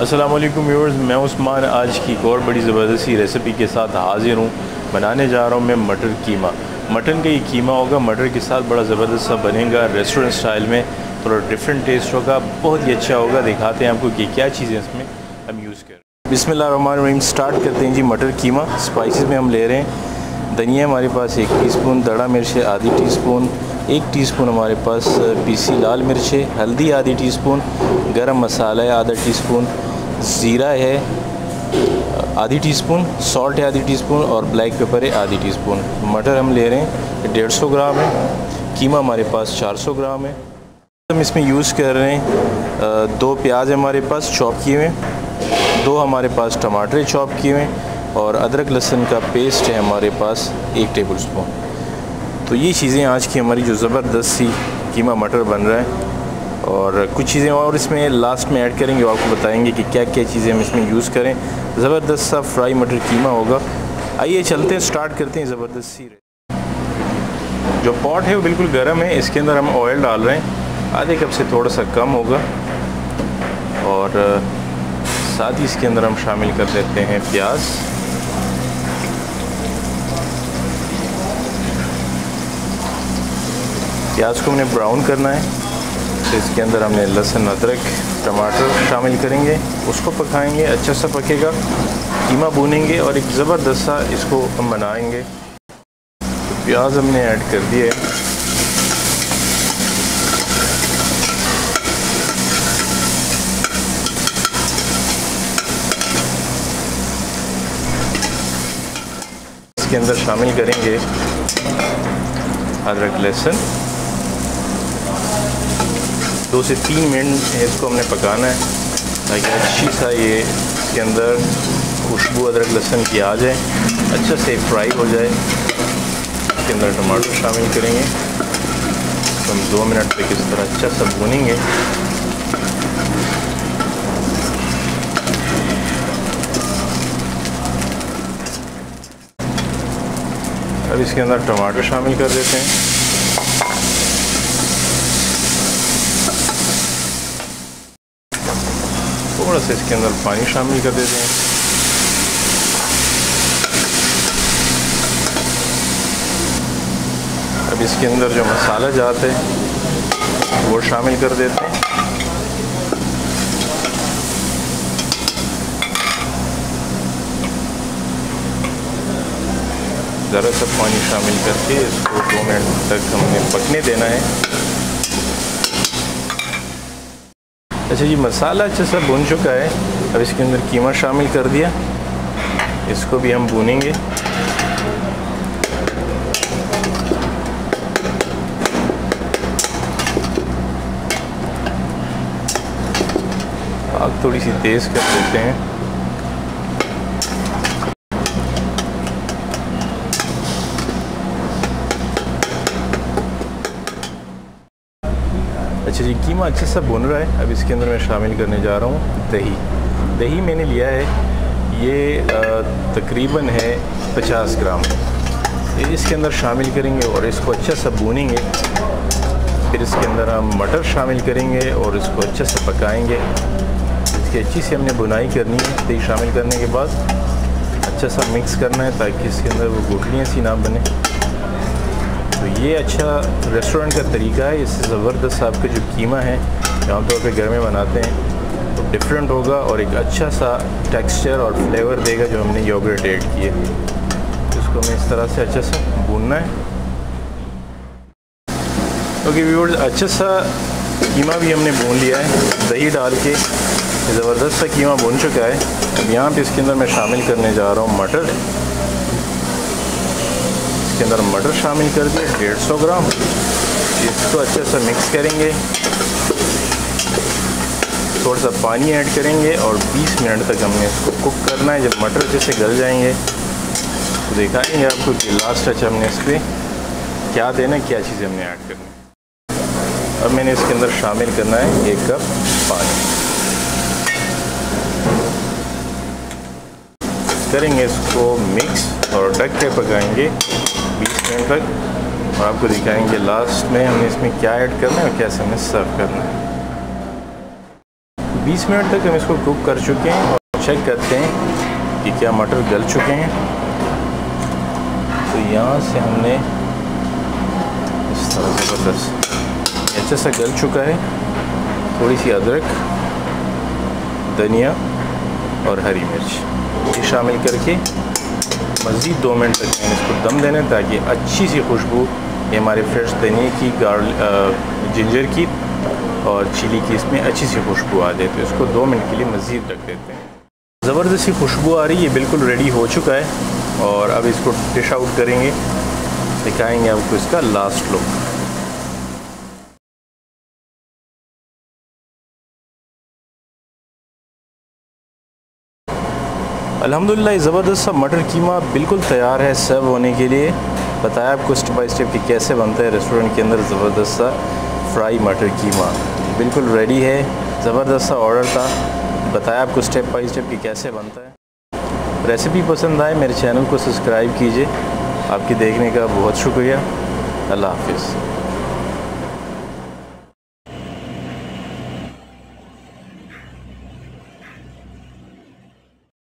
السلام علیکم ویورز میں عثمان آج کی ایک اور بڑی زبردستی ریسیپی کے ساتھ حاضر ہوں بنانے جا رہا ہوں میں مٹر قیمہ مٹن کا یہ قیمہ ہوگا مٹر کے ساتھ بڑا زبردست سا بنے گا ریسٹورنٹ سٹائل میں تھوڑا ڈیفرنٹ ٹیسٹ ہوگا بہت ہی اچھا ہوگا دکھاتے ہیں آپ کو کہ کیا چیزیں اس میں ہم یوز کریں بسم اللہ الرحمن الرحیم سٹارٹ کرتے ہیں جی مٹر قیمہ سپائسز میں ہم لے رہے ہیں دھنیا ہمارے پاس ایک ٹی اسپون دڑا مرچ آدھی ٹی اسپون ایک ٹی اسپون ہمارے پاس پیسی لال لال ہے ہلدی آدھی ٹی اسپون گرم مسالہ آدھا ٹی اسپون زیرہ ہے آدھی ٹی سپون سالٹ ہے آدھی ٹی سپون اور بلیک پیپر ہے آدھی ٹی سپون مٹر ہم لے رہے ہیں ڈیڑھ سو گرام ہے قیمہ ہمارے پاس چار سو گرام ہے ہم اس میں یوز کر رہے ہیں دو پیاز ہمارے پاس چاپ کیے ہوئے دو ہمارے پاس ٹماٹر چاپ کیے ہوئے اور ادرک لہسن کا پیسٹ ہے ہمارے پاس ایک ٹیبل سپون تو یہ چیزیں آج کی ہماری جو زبردست سی قیمہ مٹر بن رہا ہے اور کچھ چیزیں اور اس میں لاسٹ میں ایڈ کریں گے اور آپ کو بتائیں گے کہ کیا کیا چیزیں ہم اس میں یوز کریں زبردست سا فرائی مٹر قیمہ ہوگا آئیے چلتے ہیں سٹارٹ کرتے ہیں زبردست رہے جو پاٹ ہے وہ بالکل گرم ہے اس کے اندر ہم آئل ڈال رہے ہیں آدھے کپ سے تھوڑا سا کم ہوگا اور ساتھ ہی اس کے اندر ہم شامل کر لیتے ہیں پیاز پیاز کو ہم نے براؤن کرنا ہے اس کے اندر ہم نے لہسن ادرک ٹماٹر شامل کریں گے اس کو پکائیں گے اچھا سا پکے گا قیمہ بونیں گے اور ایک زبردست سا اس کو ہم بنائیں گے پیاز ہم نے ایڈ کر دیا اس کے اندر شامل کریں گے ادرک لہسن دو سے تین منٹ اس کو ہم نے پکانا ہے تاکہ اچھی سا یہ اس کے اندر خوشبو ادرک لہسن کی آ جائے اچھا سے فرائی ہو جائے اس کے اندر ٹماٹر شامل کریں گے تو ہم دو منٹ پہ اس طرح اچھا سا بھونیں گے اب اس کے اندر ٹماٹر شامل کر دیتے ہیں تھوڑا سا اس کے اندر پانی شامل کر دیتے ہیں اب اس کے اندر جو مسالہ جاتے ہیں وہ شامل کر دیتے ہیں ذرا سا پانی شامل کر کے اس کو دو منٹ تک ہم نے پکنے دینا ہے اچھا جی مسالہ اچھا سا بن چکا ہے اب اس کے اندر قیمہ شامل کر دیا اس کو بھی ہم بونیں گے آگ تھوڑی سی تیز کر دیتے ہیں جی قیمہ اچھے سے بن رہا ہے اب اس کے اندر میں شامل کرنے جا رہا ہوں دہی دہی میں نے لیا ہے یہ تقریباً ہے پچاس گرام اس کے اندر شامل کریں گے اور اس کو اچھا سا بھونیں گے پھر اس کے اندر ہم مٹر شامل کریں گے اور اس کو اچھا سا پکائیں گے اس کی اچھی سی ہم نے بنائی کرنی ہے دہی شامل کرنے کے بعد اچھا سا مکس کرنا ہے تاکہ اس کے اندر وہ گٹلیاں سی نہ بنے تو یہ اچھا ریسٹورنٹ کا طریقہ ہے اس سے زبردست آپ کا جو قیمہ جو عام طور پہ گھر میں بناتے ہیں تو ڈفرینٹ ہوگا اور ایک اچھا سا ٹیکسچر اور فلیور دے گا جو ہم نے یوگرٹ ایڈ کیے اس کو ہمیں اس طرح سے اچھا سا بوننا ہے ویورز اچھا سا قیمہ بھی ہم نے بون لیا ہے دہی ڈال کے زبردست سا قیمہ بھون چکا ہے اب یہاں پہ اس کے اندر میں شامل کرنے جا رہا ہوں مٹر کے اندر مٹر شامل کر دیا ڈیڑھ سو گرام اس کو اچھے سے مکس کریں گے تھوڑا سا پانی ایڈ کریں گے اور بیس منٹ تک ہم نے اس کو کک کرنا ہے جب مٹر جیسے گل جائیں گے تو دکھائیں گے آپ کو کہ لاسٹ اچھا ہم نے اس پہ کیا دینا کیا چیزیں ہم نے ایڈ کرنی اب میں نے اس کے اندر شامل کرنا ہے ایک کپ پانی کریں گے اس کو مکس اور ڈھک کے پکائیں گے بیس منٹ تک اور آپ کو دکھائیں گے لاسٹ میں ہمیں اس میں کیا ایڈ کرنا ہے اور کیسے ہمیں سرو کرنا ہے بیس منٹ تک ہم اس کو کوک کر چکے ہیں اور چیک کرتے ہیں کہ کیا مٹر گل چکے ہیں تو یہاں سے ہم نے اس طرح اچھا سا گل چکا ہے تھوڑی سی ادرک دھنیا اور ہری مرچ یہ شامل کر کے مزید دو منٹ تک میں اس کو دم دینے تاکہ اچھی سی خوشبو یہ ہمارے فریش دنیا کی گارل جنجر کی اور چلی کی اس میں اچھی سی خوشبو آ تو اس کو دو منٹ کے لیے مزید رکھ دیتے ہیں زبردستی خوشبو آ رہی ہے یہ بالکل ریڈی ہو چکا ہے اور اب اس کو ڈش آؤٹ کریں گے دکھائیں گے آپ کو اس کا لاسٹ لک الحمدللہ یہ زبردست سا مٹر کیمہ بالکل تیار ہے سرو ہونے کے لیے بتایا آپ کو اسٹپ بائی اسٹیپ کہ کیسے بنتا ہے ریسٹورنٹ کے اندر زبردست سا فرائی مٹر کیمہ بالکل ریڈی ہے زبردست سا آرڈر تھا بتایا آپ کو اسٹیپ بائی سٹپ کہ کیسے بنتا ہے ریسیپی پسند آئے میرے چینل کو سبسکرائب کیجئے آپ کے دیکھنے کا بہت شکریہ اللہ حافظ